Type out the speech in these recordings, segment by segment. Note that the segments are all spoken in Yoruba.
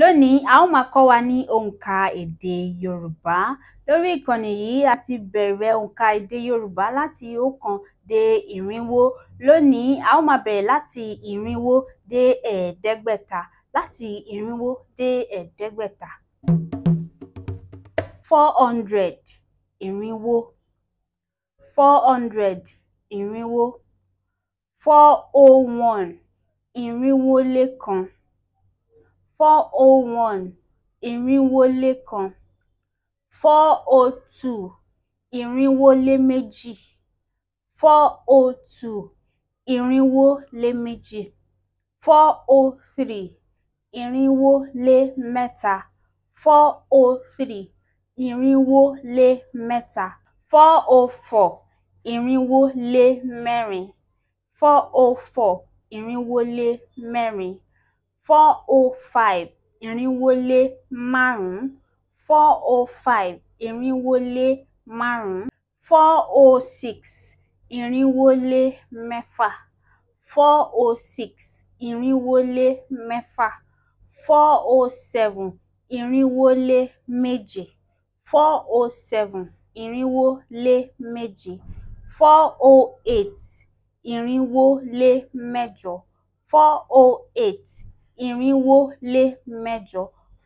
Lónìí, a ó máa kọ́ wa ní òǹkà èdè Yorùbá. Lórí ìkànnì yìí, a ti bẹ̀rẹ̀ òǹkà èdè Yorùbá láti oókan dé irinwó. Lónìí, a ó máa bẹ̀rẹ̀ láti irinwó dé ẹ̀ẹ́dẹ́gbẹ̀ta. Láti irinwó dé ẹ̀ẹ́dẹ́gbẹ̀ta. Four hundred, irinwó. Four hundred, irinwó. Four oh one, irinwólékan four oh one irínwólékan four oh two irínwóléméjì four oh two irínwóléméjì four oh three irínwólémẹ́ta four oh three irínwólémẹ́ta four oh four irínwólémẹ́rin four oh four irínwólémẹ́rin four O oh five Irinwole lé márùn-ún four O oh five Irinwole lé márùn-ún four O oh six Irinwole lé mẹ́fà four O six Irinwole lé mẹ́fà four O seven Irinwole lé méje four O seven Irinwole lé méje four O eight Irinwole lé mẹ́jọ four O eight irinwó lé mẹ́jọ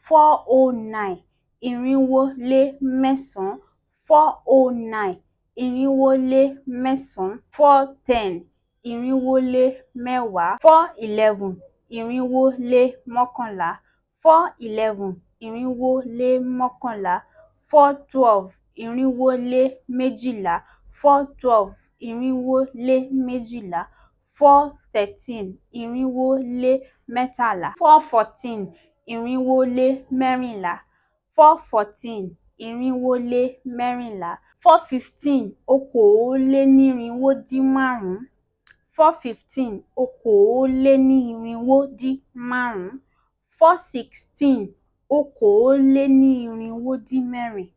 four oh nine irinwó lé mẹ́sàn-án four oh nine irinwó lé mẹ́sàn-án four ten irinwó lé mẹ́wàá four eleven irinwó lé mọ́kànlá four eleven irinwó lé mọ́kànlá four twelve irinwó lé méjìlá four twelve irinwó lé méjìlá four thirteen irinwó lé mẹ́tàlá four fourteen irinwó lé mẹ́rìnlá four fourteen irinwó lé mẹ́rìnlá four fifteen okòólénírínwó-dín-márùn-ún four fifteen okòólénírínwó-dín-márùn-ún four sixteen okòólénírínwó-dín-mẹ́rin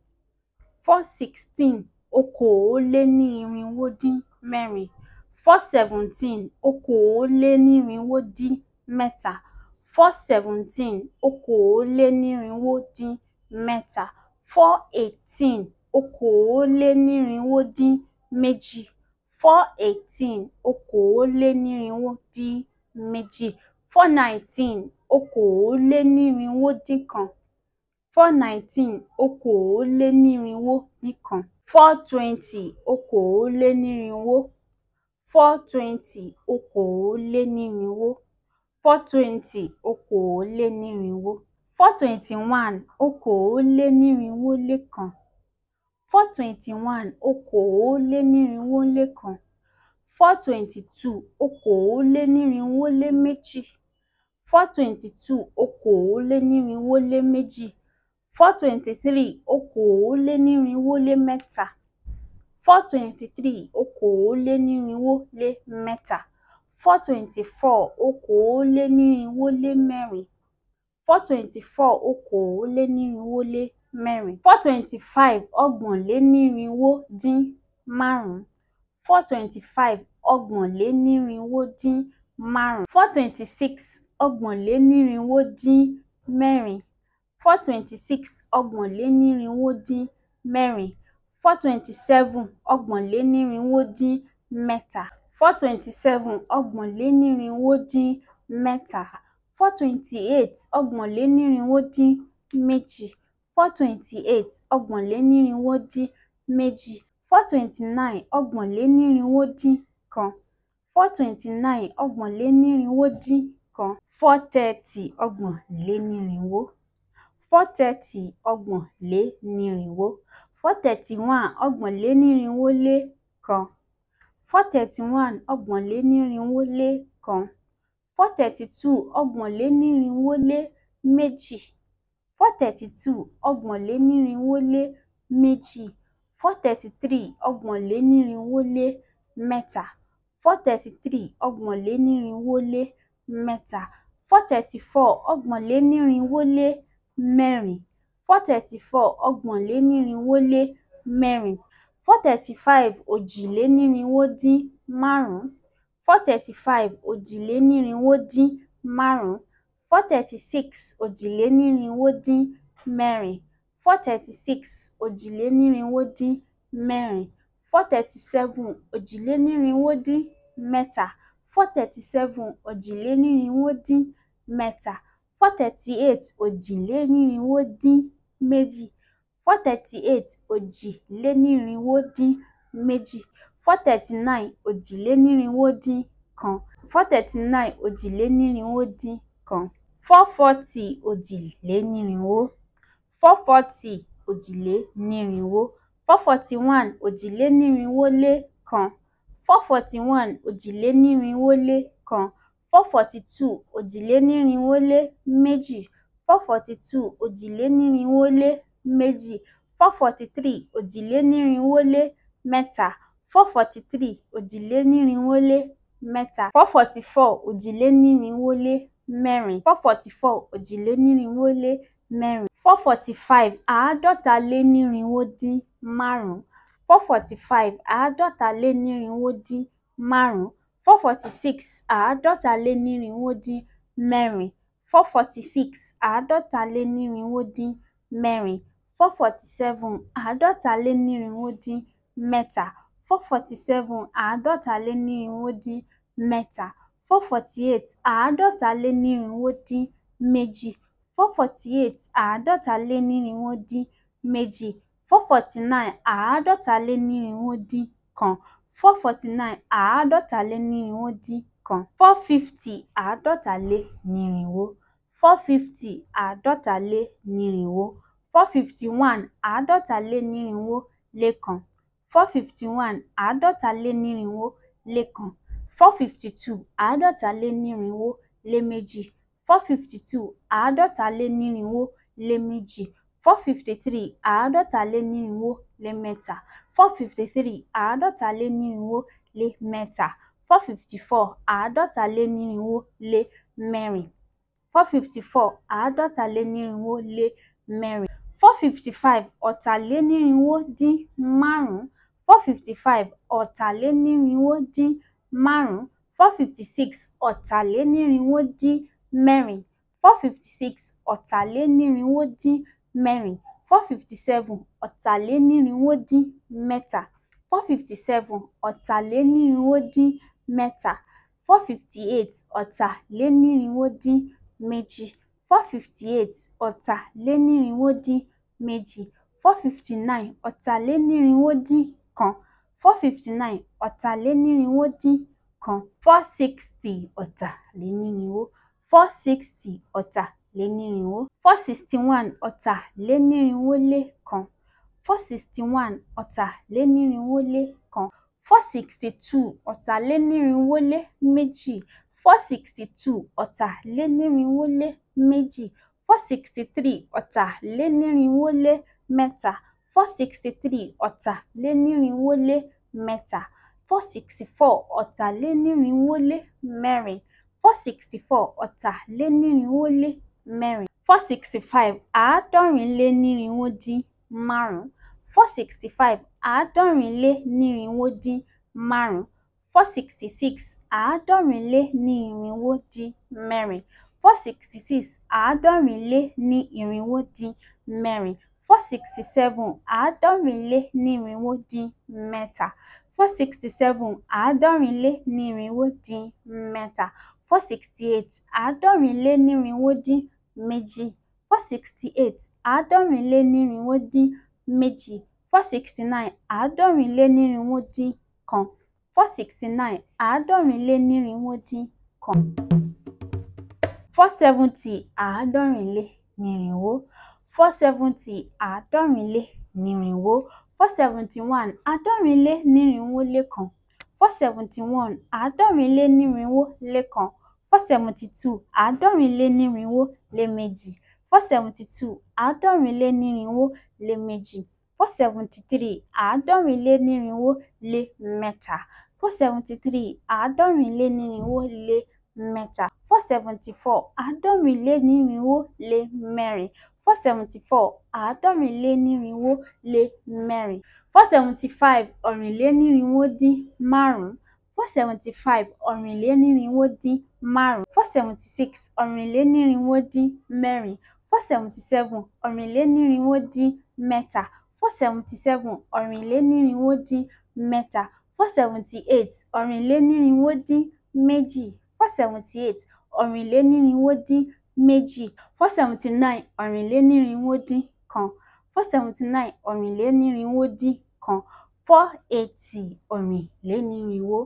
four sixteen okòólénírínwó-dín-mẹ́rin four seventeen okòólénírínwó dín mẹ́ta four seventeen okòólénírínwó dín mẹ́ta four eighteen okòólénírínwó dín méjì four eighteen okòólénírínwó dín méjì four nineteen okòólénírínwó dín kan four nineteen okòólénírínwó dín kan four twenty okòólénírínwó four twenty okòólénírínwó four twenty okòólénírínwó four twenty one okòólénírínwólékan four twenty one okòólénírínwólékan four twenty two okòólénírínwóléméjì four twenty two okòólénírínwóléméjì four twenty three okòólénírínwólémẹ́ta four twenty three okòólénírínwó lé mẹ́ta four twenty four okòólénírínwó lé mẹ́rin four twenty four okòólénírínwó lé mẹ́rin four twenty five ọgbọ̀nlénírínwó dín márùn-ún four twenty five ọgbọ̀nlénírínwó dín márùn-ún four twenty six ọgbọ̀nlénírínwó dín mẹ́rin four twenty six ọgbọ̀nlénírínwó dín mẹ́rin four twenty seven ọgbọ̀nlénírínwó dín mẹ́ta four twenty seven ọgbọ̀nlénírínwó dín mẹ́ta four twenty eight ọgbọ̀nlénírínwó dín méjì four twenty eight ọgbọ̀nlénírínwó dín méjì four twenty nine ọgbọ̀nlénírínwó dín kan four twenty nine ọgbọ̀nlénírínwó dín kan four thirty ọgbọ̀nlénírínwó four thirty ọgbọ̀nlénírínwó four thirty one ọgbọ̀nlénírínwó lé kan four thirty one ọgbọ̀nlénírínwó lé kan four thirty two ọgbọ̀nlénírínwó lé méjì four thirty two ọgbọ̀nlénírínwó lé méjì four thirty three ọgbọ̀nlénírínwó lé mẹ́ta four thirty three ọgbọ̀nlénírínwó lé mẹ́ta four thirty four ọgbọ̀nlénírínwó lé mẹ́rin four thirty four ọgbọ̀nlénírínwó lé mẹ́rin four thirty five òjìlénírínwó dín márùn-ún four thirty five òjìlénírínwó dín márùn-ún four thirty six òjìlénírínwó dín mẹ́rin four thirty six òjìlénírínwó dín mẹ́rin four thirty seven òjìlénírínwó dín mẹ́ta four thirty seven òjìlénírínwó dín mẹ́ta four thirty eight òjìlénírinwó dín méjì four thirty eight òjìlénírinwó dín méjì four thirty nine òjìlénírinwó dín kan four thirty nine òjìlénírinwó dín kan four forty òjìlénírinwó four forty òjìlénírinwó four forty one òjìlénírinwó lé kan four forty one òjìlénírinwó lé kan four forty two òjìlénírínwó-lé méjì, four forty two òjìlénírínwó-lé méjì, four forty three òjìlénírínwó-lé mẹ́ta, four forty three òjìlénírínwó-lé mẹ́ta, four forty four òjìlénírínwó-lé mẹ́rin, four forty four òjìlénírínwó-lé mẹ́rin, four forty five àádọ́talénírínwó márùn ún four forty five àádọ́talénírínwó márùn ún four forty six àádọ́talénírínwó dín mẹ́rin four forty six àádọ́talénírínwó dín mẹ́rin four forty seven àádọ́talénírínwó dín mẹ́ta four forty seven àádọ́talénírínwó dín mẹ́ta four forty eight àádọ́talénírínwó dín méjì four forty eight àádọ́talénírínwó dín méjì four forty nine àádọ́talénírínwó dín kan four forty nine àádọ́talénírínwó dín kan four fifty àádọ́talénírínwó four fifty àádọ́talénírínwó four fifty one àádọ́talénírínwó lẹ́ẹ̀kan four fifty one àádọ́talénírínwó lẹ́ẹ̀kan four fifty two àádọ́talénírínwó lẹ́ẹ̀mejì four fifty two àádọ́talénírínwó lẹ́ẹ̀mejì four fifty three àádọ́talénírínwó lẹ́ẹ̀mẹ́ta four fifty three àádọ́talénírínwó lé mẹ́ta four fifty four àádọ́talénírínwó lé mẹ́rin four fifty four àádọ́talénírínwó lé mẹ́rin four fifty five ọ̀tàlénírínwó dín márùn-ún four fifty five ọ̀tàlénírínwó dín márùn-ún four fifty six ọ̀tàlénírínwó dín mẹ́rin four fifty six ọ̀tàlénírínwó dín mẹ́rin four fifty seven ọ̀tàlénírínwó-dín-mẹ́ta four fifty seven ọ̀tàlénírínwó-dín-mẹ́ta four fifty eight ọ̀tàlénírínwó-dín-méjì four fifty eight ọ̀tàlénírínwó-dín-méjì four fifty nine ọ̀tàlénírínwó-dín-kan four fifty nine ọ̀tàlénírínwó-dín-kan four sixty ọ̀tàlénírínwó four sixty ọ̀tà lẹ́nírínwó four sixty one ọ̀tà lẹ́nírínwó lé kan four sixty one ọ̀tà lẹ́nírínwó lé kan four sixty two ọ̀tà lẹ́nírínwó lé méjì four sixty two ọ̀tà lẹ́nírínwó lé méjì four sixty three ọ̀tà lẹ́nírínwó lé mẹ́ta four sixty three ọ̀tà lẹ́nírínwó lé mẹ́ta four sixty four ọ̀tà lẹ́nírínwó lé mẹ́rin four sixty four ọ̀tà lẹ́nírínwó lé mẹ́rin four sixty five àádọ́rin lé nírinwó dín márùn-ún four sixty five àádọ́rin lé nírinwó dín márùn-ún four sixty six àádọ́rin lé ní irinwó dín mẹ́rin four sixty six àádọ́rin lé ní irinwó dín mẹ́rin four sixty seven àádọ́rin lé ní irinwó dín mẹ́ta four sixty seven àádọ́rin lé ní irinwó dín mẹ́ta four sixty eight àádọ́rin lé ní irinwó dín mẹ́ta méjì four sixty eight àádọ́rin lé nírinwó dín méjì four sixty nine àádọ́rin lé nírinwó dín kan four sixty nine àádọ́rin lé nírinwó dín kan four seventy àádọ́rin lé nírinwó four seventy àádọ́rin lé nírinwó four seventy one àádọ́rin lé nírinwó lé kan four seventy one àádọ́rin lé nírinwó lé kan four seventy two àádọ́rin lé nírinwó lé méjì four seventy two àádọ́rin lé nírinwó lé méjì four seventy three àádọ́rin lé nírinwó lé mẹ́ta four seventy three àádọ́rin lé nírinwó lé mẹ́ta four seventy four àádọ́rin lé nírinwó lé mẹ́rin four seventy four àádọ́rin lé nírinwó lé mẹ́rin four seventy five ọ̀rìnlénírinwó dín márùn-ún four seventy five ọ̀rìnlénírínwó dín márùn-ún four seventy six ọ̀rìnlénírínwó dín mẹ́rin four seventy seven ọ̀rìnlénírínwó dín mẹ́ta four seventy seven ọ̀rìnlénírínwó dín mẹ́ta four seventy eight ọ̀rìnlénírínwó dín méjì four seventy eight ọ̀rìnlénírínwó dín méjì four seventy nine ọ̀rìnlénírínwó dín kan four seventy nine ọ̀rìnlénírínwó dín kan four eighty ọ̀rìnlénírínwó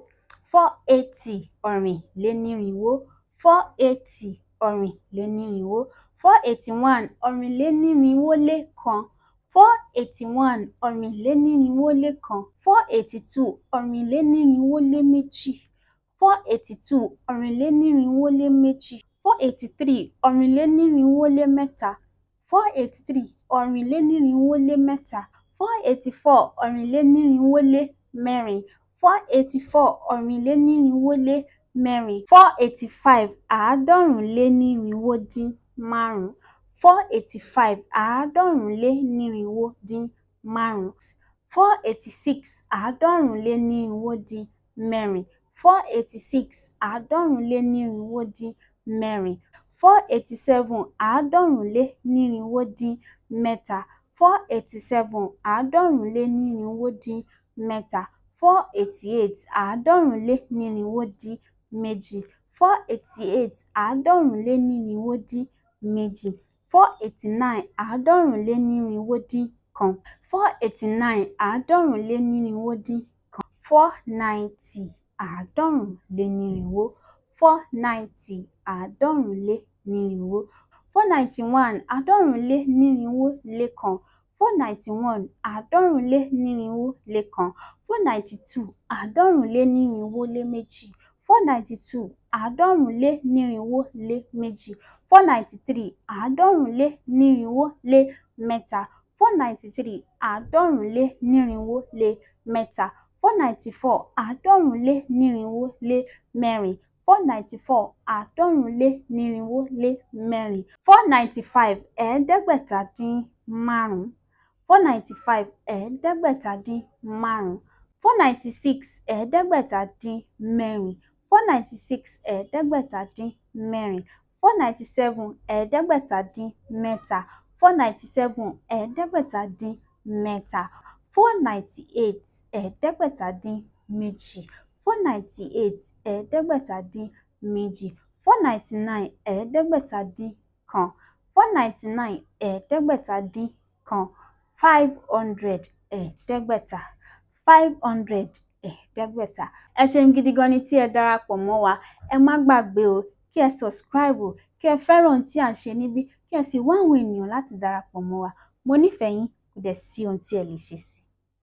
four eighty ọ̀rìnlénírínwó four eighty ọ̀rìnlénírínwó four eighty one ọ̀rìnlénírínwólékan four eighty one ọ̀rìnlénírínwólékan four eighty two ọ̀rìnlénírínwóléméjì four eighty two ọ̀rìnlénírínwóléméjì four eighty three ọ̀rìnlénírínwólémẹ́ta four eighty three ọ̀rìnlénírínwólémẹ́ta four eighty four ọ̀rìnlénírínwólémẹ́rin four eighty four ọ̀rìnlénírínwó-lé-mẹ́rin four eighty five àádọ́rùnlénírínwó dín márùn-ún four eighty five àádọ́rùnlénírínwó dín márùn-ún four eighty six àádọ́rùnlénírínwó dín mẹ́rin four eighty six àádọ́rùnlénírínwó dín mẹ́rin four eighty seven àádọ́rùnlénírínwó dín mẹ́ta four eighty seven àádọ́rùnlénírínwó dín mẹ́ta four eighty eight àádọ́rùnlénírinwó dín méjì four eighty eight àádọ́rùnlénírinwó dín méjì four eighty nine àádọ́rùnlénírinwó dín kan four eighty nine àádọ́rùnlénírinwó dín kan four ninety àádọ́rùnlénírinwó four ninety àádọ́rùnlénírinwó four ninety one àádọ́rùnlénírinwó lé kan four ninety one àádọ́rùnlénírinwó lé kan four ninety two àádọ́rùn lé nírinwó lé méjì four ninety two àádọ́rùn lé nírinwó lé méjì four ninety three àádọ́rùn lé nírinwó lé mẹ́ta four ninety three àádọ́rùn lé nírinwó lé mẹ́ta four ninety four àádọ́rùn lé nírinwó lé mẹ́rin four ninety four àádọ́rùn lé nírinwó lé mẹ́rin four ninety five ẹ̀ẹ́dẹ́gbẹ̀ta dín márùn-ún four ninety five ẹ̀ẹ́dẹ́gbẹ̀ta dín márùn-ún four ninety six ẹ̀ẹ́dẹ́gbẹ̀ta dín mẹ́rin four ninety six ẹ̀ẹ́dẹ́gbẹ̀ta dín mẹ́rin four ninety seven ẹ̀ẹ́dẹ́gbẹ̀ta dín mẹ́ta four ninety seven ẹ̀ẹ́dẹ́gbẹ̀ta dín mẹ́ta four ninety eight ẹ̀ẹ́dẹ́gbẹ̀ta dín méjì four ninety eight ẹ̀ẹ́dẹ́gbẹ̀ta dín méjì four ninety nine ẹ̀ẹ́dẹ́gbẹ̀ta dín kan four ninety nine ẹ̀ẹ́dẹ́gbẹ̀ta dín kan five hundred ẹ̀ẹ́dẹ́gbẹ̀ta five hundred ẹ̀ẹ́dẹ́gbẹ̀ta eh, ẹ ṣeun gidi gan ni tí ẹ darapọ̀ mọ́ wa ẹ má gbàgbé o kí ẹ subscribe o kí ẹ fẹ́ràn ohun tí à ń ṣe níbí kí ẹ sì wá àwọn ènìyàn láti darapọ̀ mọ́ wa mo nífẹ̀ẹ́ yín kò dẹ̀ sí ohun tí ẹ lè ṣe sí i